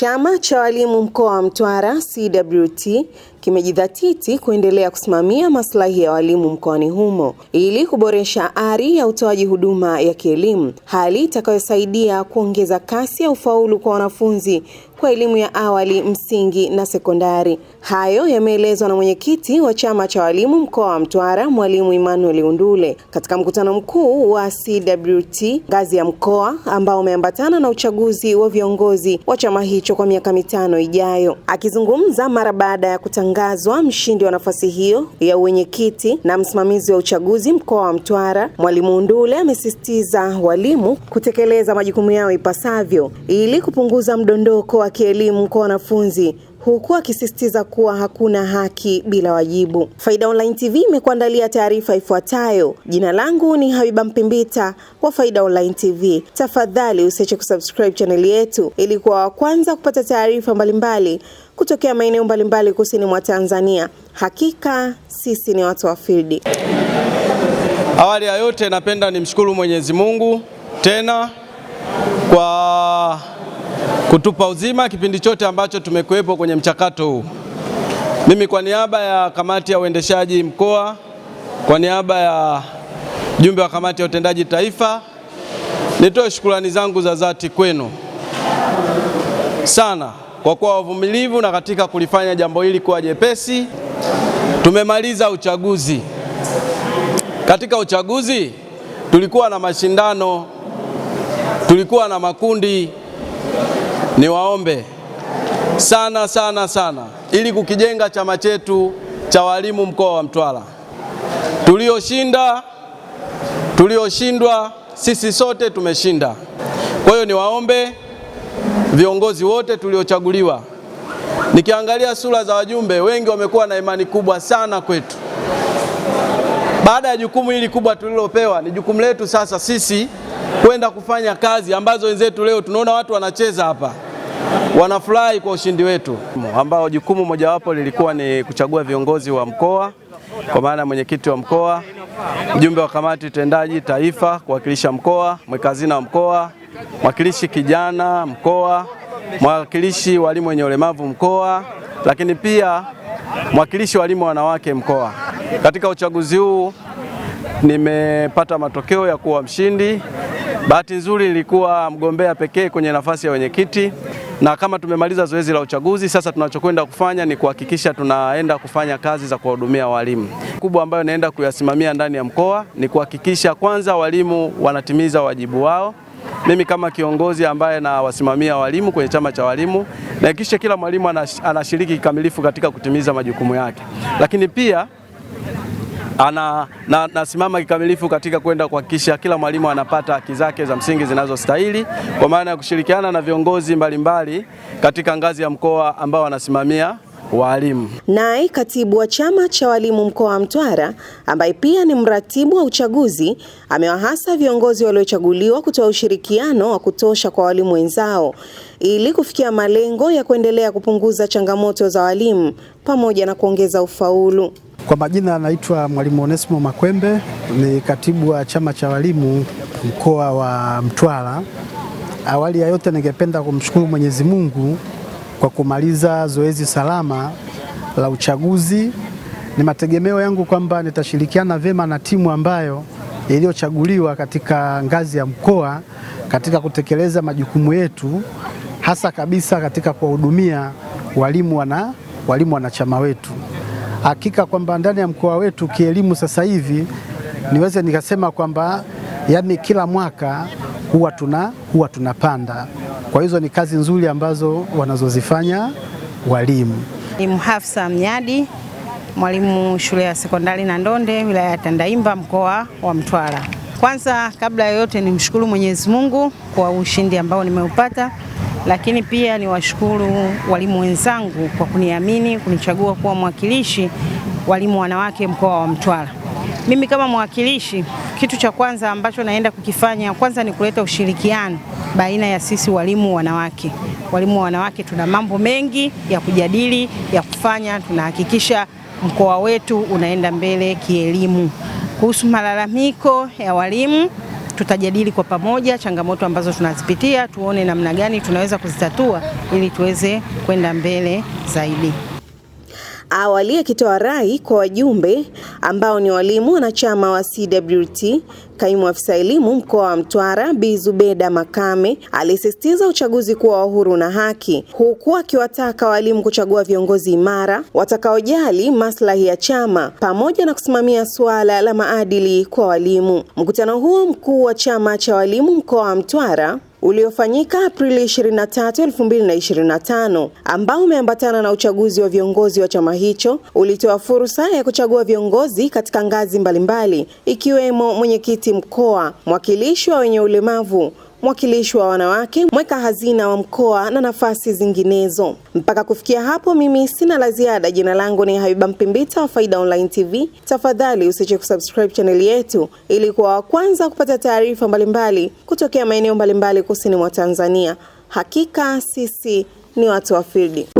Chama cha Walimu Mkoa wa Mtwara CWT kimejidhatiti kuendelea kusimamia maslahi ya walimu mkoani humo ili kuboresha ari ya utoaji huduma ya kielimu, hali itakayosaidia kuongeza kasi ya ufaulu kwa wanafunzi kwa elimu ya awali, msingi na sekondari. Hayo yameelezwa na mwenyekiti wa chama cha walimu mkoa wa Mtwara, Mwalimu Emmanuel Undule katika mkutano mkuu wa CWT ngazi ya mkoa ambao umeambatana na uchaguzi wa viongozi wa chama hicho kwa miaka mitano ijayo. Akizungumza mara baada ya kutangazwa mshindi wa nafasi hiyo ya uwenyekiti na msimamizi wa uchaguzi mkoa wa Mtwara, Mwalimu Undule amesisitiza walimu kutekeleza majukumu yao ipasavyo ili kupunguza mdondoko wa kielimu kwa wanafunzi huku akisisitiza kuwa hakuna haki bila wajibu. Faida Online TV imekuandalia taarifa ifuatayo. Jina langu ni Habiba Mpimbita wa Faida Online TV. Tafadhali usiache kusubscribe chaneli yetu ili kuwa wa kwanza kupata taarifa mbalimbali kutokea maeneo mbalimbali kusini mwa Tanzania. Hakika sisi ni watu wa fildi. Awali ya yote, napenda nimshukuru Mwenyezi Mungu tena kwa kutupa uzima kipindi chote ambacho tumekuwepo kwenye mchakato huu. Mimi kwa niaba ya kamati ya uendeshaji mkoa, kwa niaba ya jumbe wa kamati ya utendaji taifa, nitoe shukrani zangu za dhati kwenu sana kwa kuwa wavumilivu na katika kulifanya jambo hili kuwa jepesi. Tumemaliza uchaguzi. Katika uchaguzi tulikuwa na mashindano, tulikuwa na makundi niwaombe sana sana sana, ili kukijenga chama chetu cha walimu mkoa wa Mtwara, tulioshinda tulioshindwa, sisi sote tumeshinda. Kwa hiyo niwaombe viongozi wote tuliochaguliwa, nikiangalia sura za wajumbe wengi wamekuwa na imani kubwa sana kwetu. Baada ya jukumu hili kubwa tulilopewa, ni jukumu letu sasa sisi kwenda kufanya kazi ambazo wenzetu leo tunaona watu wanacheza hapa, wanafurahi kwa ushindi wetu, ambao jukumu mojawapo lilikuwa ni kuchagua viongozi wa mkoa, kwa maana mwenyekiti wa mkoa, mjumbe wa kamati tendaji taifa kuwakilisha mkoa, mwekazina wa mkoa, mwakilishi kijana mkoa, mwakilishi walimu wenye ulemavu mkoa, lakini pia mwakilishi walimu wanawake mkoa. Katika uchaguzi huu nimepata matokeo ya kuwa mshindi. Bahati nzuri nilikuwa mgombea pekee kwenye nafasi ya wenyekiti, na kama tumemaliza zoezi la uchaguzi, sasa tunachokwenda kufanya ni kuhakikisha tunaenda kufanya kazi za kuwahudumia walimu. Kubwa ambayo naenda kuyasimamia ndani ya mkoa ni kuhakikisha kwanza walimu wanatimiza wajibu wao. Mimi kama kiongozi ambaye nawasimamia walimu kwenye chama cha walimu, nahakikisha kila mwalimu anashiriki kikamilifu katika kutimiza majukumu yake, lakini pia ana na, nasimama kikamilifu katika kwenda kuhakikisha kila mwalimu anapata haki zake za msingi zinazostahili kwa maana ya kushirikiana na viongozi mbalimbali mbali katika ngazi ya mkoa ambao wanasimamia walimu. Naye katibu wa chama cha walimu mkoa wa Mtwara ambaye pia ni mratibu wa uchaguzi amewahasa viongozi waliochaguliwa kutoa ushirikiano wa kutosha kwa walimu wenzao ili kufikia malengo ya kuendelea kupunguza changamoto za walimu pamoja na kuongeza ufaulu. Kwa majina anaitwa Mwalimu onesimo Makwembe, ni katibu wa chama cha walimu mkoa wa Mtwara. Awali ya yote, ningependa kumshukuru Mwenyezi Mungu kwa kumaliza zoezi salama la uchaguzi. Ni mategemeo yangu kwamba nitashirikiana vyema na timu ambayo iliyochaguliwa katika ngazi ya mkoa katika kutekeleza majukumu yetu, hasa kabisa katika kuwahudumia walimu wana walimu wanachama wetu hakika kwamba ndani ya mkoa wetu kielimu sasa hivi niweze nikasema kwamba yani kila mwaka huwa tuna huwa tunapanda. Kwa hizo ni kazi nzuri ambazo wanazozifanya walimu. Ni Mhafsa Mnyadi, mwalimu shule ya sekondari Nandonde, wilaya ya Tandaimba, mkoa wa Mtwara. Kwanza kabla ya yote, mshukuru Mwenyezi Mungu kwa ushindi ambao nimeupata lakini pia niwashukuru walimu wenzangu kwa kuniamini kunichagua kuwa mwakilishi walimu wanawake mkoa wa Mtwara. Mimi kama mwakilishi, kitu cha kwanza ambacho naenda kukifanya kwanza ni kuleta ushirikiano baina ya sisi walimu wanawake. Walimu wanawake tuna mambo mengi ya kujadili, ya kufanya, tunahakikisha mkoa wetu unaenda mbele kielimu. Kuhusu malalamiko ya walimu tutajadili kwa pamoja changamoto ambazo tunazipitia, tuone namna gani tunaweza kuzitatua ili tuweze kwenda mbele zaidi. Awali akitoa rai kwa wajumbe ambao ni walimu wanachama wa CWT, kaimu afisa elimu mkoa wa Mtwara Bi Zubeda Makame alisisitiza uchaguzi kuwa wa huru na haki, huku akiwataka walimu kuchagua viongozi imara watakaojali maslahi ya chama pamoja na kusimamia suala la maadili kwa walimu. Mkutano huo mkuu wa chama cha walimu mkoa wa Mtwara uliofanyika Aprili 23, 2025 ambao umeambatana na uchaguzi wa viongozi wa chama hicho ulitoa fursa ya kuchagua viongozi katika ngazi mbalimbali ikiwemo mwenyekiti mkoa, mwakilishi wa wenye ulemavu mwakilishi wa wanawake, mweka hazina wa mkoa na nafasi zinginezo. Mpaka kufikia hapo, mimi sina la ziada. Jina langu ni Habiba Mpimbita wa Faida Online TV. Tafadhali usiache kusubscribe chaneli yetu ili kuwa wa kwanza kupata taarifa mbalimbali kutokea maeneo mbalimbali kusini mwa Tanzania. Hakika sisi ni watu wa field.